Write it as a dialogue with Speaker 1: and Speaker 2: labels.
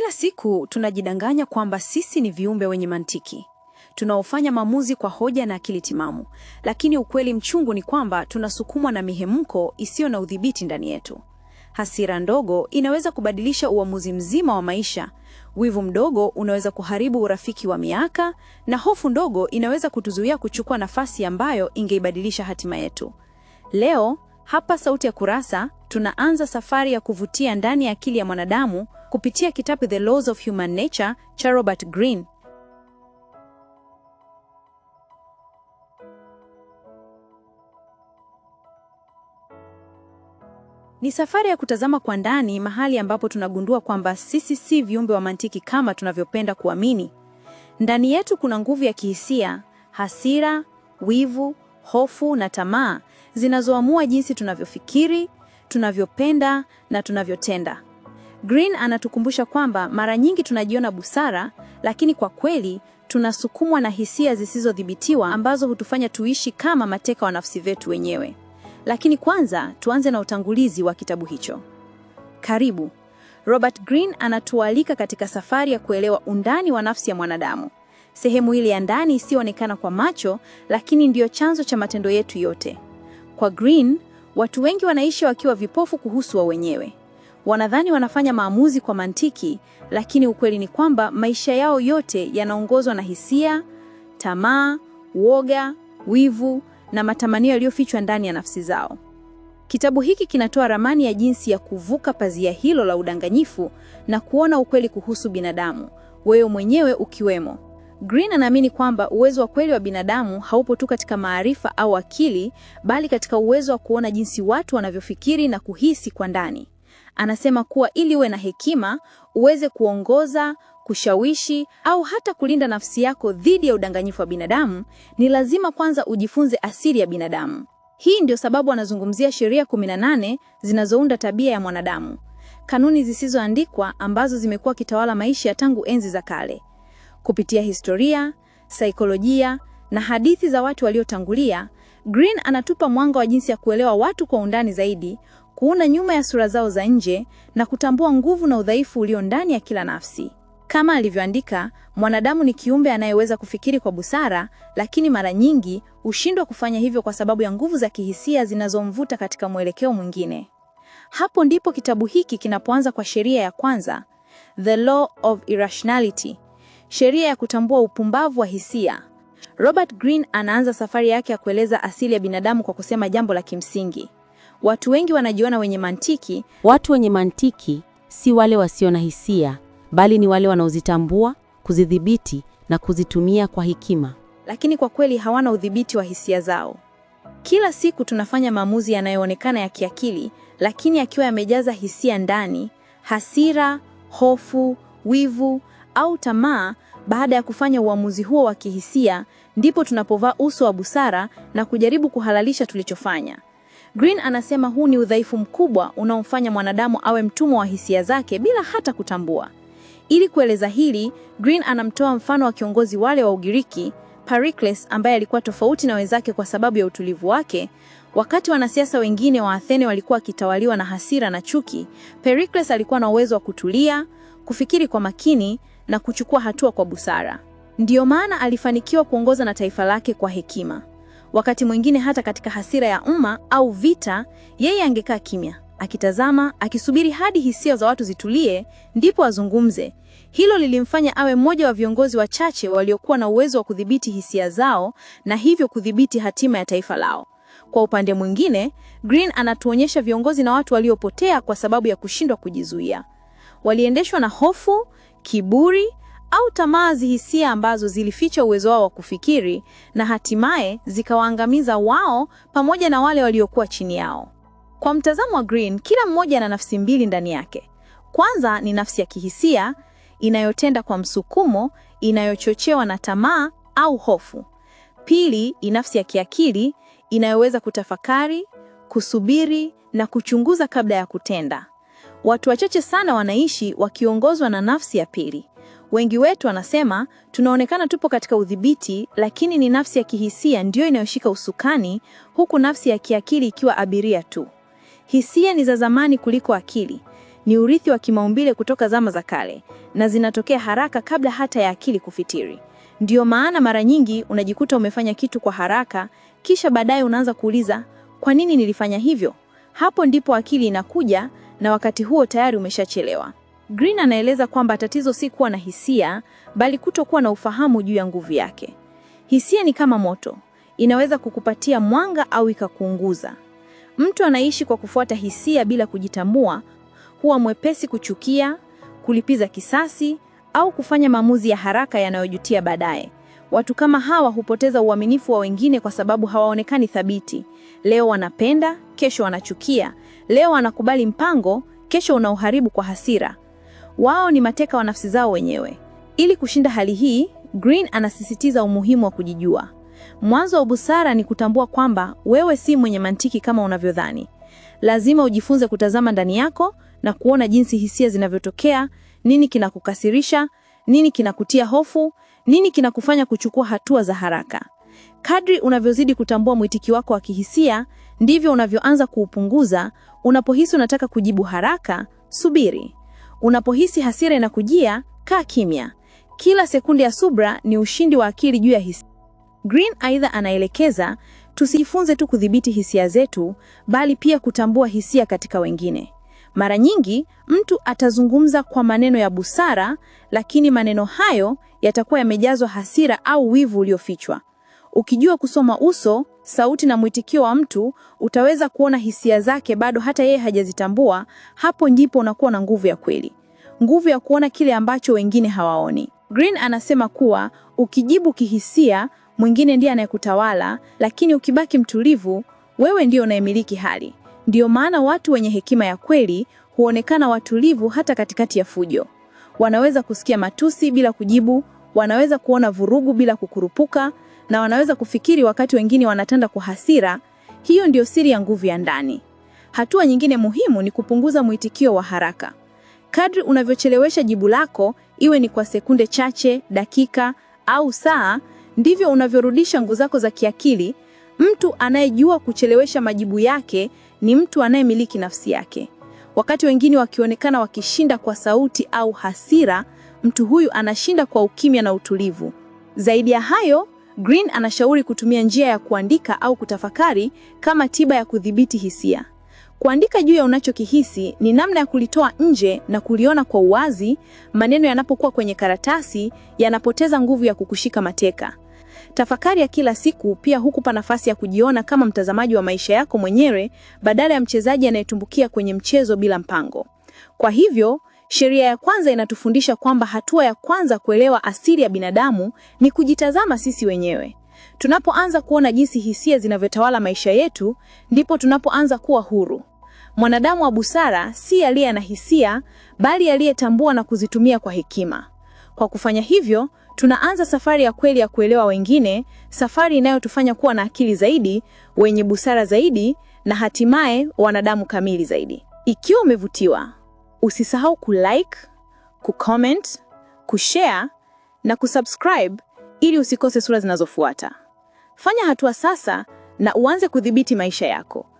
Speaker 1: Kila siku tunajidanganya kwamba sisi ni viumbe wenye mantiki tunaofanya maamuzi kwa hoja na akili timamu, lakini ukweli mchungu ni kwamba tunasukumwa na mihemko isiyo na udhibiti ndani yetu. Hasira ndogo inaweza kubadilisha uamuzi mzima wa maisha, wivu mdogo unaweza kuharibu urafiki wa miaka, na hofu ndogo inaweza kutuzuia kuchukua nafasi ambayo ingeibadilisha hatima yetu. Leo hapa Sauti ya Kurasa tunaanza safari ya kuvutia ndani ya akili ya mwanadamu kupitia kitabu The Laws of Human Nature cha Robert Greene. Ni safari ya kutazama kwa ndani, mahali ambapo tunagundua kwamba sisi si viumbe wa mantiki kama tunavyopenda kuamini. Ndani yetu kuna nguvu ya kihisia, hasira, wivu, hofu na tamaa zinazoamua jinsi tunavyofikiri, tunavyopenda na tunavyotenda. Green anatukumbusha kwamba mara nyingi tunajiona busara, lakini kwa kweli tunasukumwa na hisia zisizodhibitiwa ambazo hutufanya tuishi kama mateka wa nafsi zetu wenyewe. Lakini kwanza tuanze na utangulizi wa kitabu hicho. Karibu. Robert Green anatualika katika safari ya kuelewa undani wa nafsi ya mwanadamu, sehemu ile ya ndani isiyoonekana kwa macho, lakini ndiyo chanzo cha matendo yetu yote. Kwa Green, watu wengi wanaishi wakiwa vipofu kuhusu wa wenyewe. Wanadhani wanafanya maamuzi kwa mantiki, lakini ukweli ni kwamba maisha yao yote yanaongozwa na hisia, tamaa, woga, wivu na matamanio yaliyofichwa ndani ya nafsi zao. Kitabu hiki kinatoa ramani ya jinsi ya kuvuka pazia hilo la udanganyifu na kuona ukweli kuhusu binadamu, wewe mwenyewe ukiwemo. Green anaamini kwamba uwezo wa kweli wa binadamu haupo tu katika maarifa au akili, bali katika uwezo wa kuona jinsi watu wanavyofikiri na kuhisi kwa ndani. Anasema kuwa ili uwe na hekima, uweze kuongoza, kushawishi au hata kulinda nafsi yako dhidi ya udanganyifu wa binadamu, ni lazima kwanza ujifunze asili ya binadamu. Hii ndio sababu anazungumzia sheria 18 zinazounda tabia ya mwanadamu, kanuni zisizoandikwa ambazo zimekuwa kitawala maisha tangu enzi za kale. Kupitia historia, saikolojia na hadithi za watu waliotangulia, Green anatupa mwanga wa jinsi ya kuelewa watu kwa undani zaidi, kuona nyuma ya sura zao za nje na kutambua nguvu na udhaifu ulio ndani ya kila nafsi. Kama alivyoandika, mwanadamu ni kiumbe anayeweza kufikiri kwa busara, lakini mara nyingi hushindwa kufanya hivyo kwa sababu ya nguvu za kihisia zinazomvuta katika mwelekeo mwingine. Hapo ndipo kitabu hiki kinapoanza kwa sheria ya kwanza, The Law of Irrationality, sheria ya kutambua upumbavu wa hisia. Robert Greene anaanza safari yake ya kueleza asili ya binadamu kwa kusema jambo la kimsingi. Watu wengi wanajiona wenye mantiki.
Speaker 2: Watu wenye mantiki si wale wasio na hisia, bali ni wale wanaozitambua, kuzidhibiti na kuzitumia kwa hekima.
Speaker 1: Lakini kwa kweli hawana udhibiti wa hisia zao. Kila siku tunafanya maamuzi yanayoonekana ya kiakili, lakini yakiwa yamejaza hisia ndani: hasira, hofu, wivu au tamaa. Baada ya kufanya uamuzi huo wa kihisia, ndipo tunapovaa uso wa busara na kujaribu kuhalalisha tulichofanya. Green anasema huu ni udhaifu mkubwa unaomfanya mwanadamu awe mtumwa wa hisia zake bila hata kutambua. Ili kueleza hili, Green anamtoa mfano wa kiongozi wale wa Ugiriki, Pericles ambaye alikuwa tofauti na wenzake kwa sababu ya utulivu wake. Wakati wanasiasa wengine wa Athene walikuwa wakitawaliwa na hasira na chuki, Pericles alikuwa na uwezo wa kutulia, kufikiri kwa makini na kuchukua hatua kwa busara. Ndiyo maana alifanikiwa kuongoza na taifa lake kwa hekima. Wakati mwingine hata katika hasira ya umma au vita, yeye angekaa kimya, akitazama, akisubiri hadi hisia za watu zitulie, ndipo azungumze. Hilo lilimfanya awe mmoja wa viongozi wachache waliokuwa na uwezo wa kudhibiti hisia zao na hivyo kudhibiti hatima ya taifa lao. Kwa upande mwingine, Green anatuonyesha viongozi na watu waliopotea kwa sababu ya kushindwa kujizuia. Waliendeshwa na hofu, kiburi au tamaa zihisia ambazo zilificha uwezo wao wa kufikiri na hatimaye zikawaangamiza wao pamoja na wale waliokuwa chini yao. Kwa mtazamo wa Green, kila mmoja ana nafsi mbili ndani yake. Kwanza ni nafsi ya kihisia inayotenda kwa msukumo, inayochochewa na tamaa au hofu. Pili ni nafsi ya kiakili inayoweza kutafakari, kusubiri na kuchunguza kabla ya kutenda. Watu wachache sana wanaishi wakiongozwa na nafsi ya pili. Wengi wetu anasema tunaonekana tupo katika udhibiti, lakini ni nafsi ya kihisia ndiyo inayoshika usukani, huku nafsi ya kiakili ikiwa abiria tu. Hisia ni za zamani kuliko akili, ni urithi wa kimaumbile kutoka zama za kale, na zinatokea haraka kabla hata ya akili kufitiri Ndiyo maana mara nyingi unajikuta umefanya kitu kwa haraka, kisha baadaye unaanza kuuliza, kwa nini nilifanya hivyo? Hapo ndipo akili inakuja, na wakati huo tayari umeshachelewa. Green anaeleza kwamba tatizo si kuwa na hisia, bali kutokuwa na ufahamu juu ya nguvu yake. Hisia ni kama moto, inaweza kukupatia mwanga au ikakuunguza. Mtu anaishi kwa kufuata hisia bila kujitambua, huwa mwepesi kuchukia, kulipiza kisasi au kufanya maamuzi ya haraka yanayojutia baadaye. Watu kama hawa hupoteza uaminifu wa wengine kwa sababu hawaonekani thabiti. Leo wanapenda, kesho wanachukia. Leo wanakubali mpango, kesho unauharibu kwa hasira. Wao ni mateka wa nafsi zao wenyewe. Ili kushinda hali hii, Green anasisitiza umuhimu wa kujijua. Mwanzo wa busara ni kutambua kwamba wewe si mwenye mantiki kama unavyodhani. Lazima ujifunze kutazama ndani yako na kuona jinsi hisia zinavyotokea, nini kinakukasirisha, nini kinakutia hofu, nini kinakufanya kuchukua hatua za haraka. Kadri unavyozidi kutambua mwitiki wako wa kihisia, ndivyo unavyoanza kuupunguza. Unapohisi unataka kujibu haraka, subiri. Unapohisi hasira inakujia, kaa kimya. Kila sekunde ya subra ni ushindi wa akili juu ya hisia. Green aidha anaelekeza tusijifunze tu kudhibiti hisia zetu, bali pia kutambua hisia katika wengine. Mara nyingi mtu atazungumza kwa maneno ya busara, lakini maneno hayo yatakuwa yamejazwa hasira au wivu uliofichwa. Ukijua kusoma uso, sauti na mwitikio wa mtu, utaweza kuona hisia zake bado hata yeye hajazitambua. Hapo ndipo unakuwa na nguvu ya kweli, nguvu ya kuona kile ambacho wengine hawaoni. Green anasema kuwa ukijibu kihisia, mwingine ndiye anayekutawala, lakini ukibaki mtulivu, wewe ndiyo unayemiliki hali. Ndiyo maana watu wenye hekima ya kweli huonekana watulivu hata katikati ya fujo. Wanaweza kusikia matusi bila kujibu, wanaweza kuona vurugu bila kukurupuka na wanaweza kufikiri wakati wengine wanatenda kwa hasira. Hiyo ndio siri ya nguvu ya ndani. Hatua nyingine muhimu ni kupunguza mwitikio wa haraka. Kadri unavyochelewesha jibu lako, iwe ni kwa sekunde chache, dakika au saa, ndivyo unavyorudisha nguvu zako za kiakili. Mtu anayejua kuchelewesha majibu yake ni mtu anayemiliki nafsi yake. Wakati wengine wakionekana wakishinda kwa sauti au hasira, mtu huyu anashinda kwa ukimya na utulivu. Zaidi ya hayo, Green anashauri kutumia njia ya kuandika au kutafakari kama tiba ya kudhibiti hisia. Kuandika juu ya unachokihisi ni namna ya kulitoa nje na kuliona kwa uwazi. Maneno yanapokuwa kwenye karatasi yanapoteza nguvu ya kukushika mateka. Tafakari ya kila siku pia hukupa nafasi ya kujiona kama mtazamaji wa maisha yako mwenyewe badala ya mchezaji anayetumbukia kwenye mchezo bila mpango. Kwa hivyo, Sheria ya kwanza inatufundisha kwamba hatua ya kwanza kuelewa asili ya binadamu ni kujitazama sisi wenyewe. Tunapoanza kuona jinsi hisia zinavyotawala maisha yetu, ndipo tunapoanza kuwa huru. Mwanadamu wa busara si aliye na hisia, bali aliyetambua na kuzitumia kwa hekima. Kwa kufanya hivyo, tunaanza safari ya kweli ya kuelewa wengine, safari inayotufanya kuwa na akili zaidi, wenye busara zaidi, na hatimaye wanadamu kamili zaidi. Ikiwa umevutiwa Usisahau kulike, kucomment, kushare na kusubscribe ili usikose sura zinazofuata. Fanya hatua sasa na uanze kudhibiti maisha yako.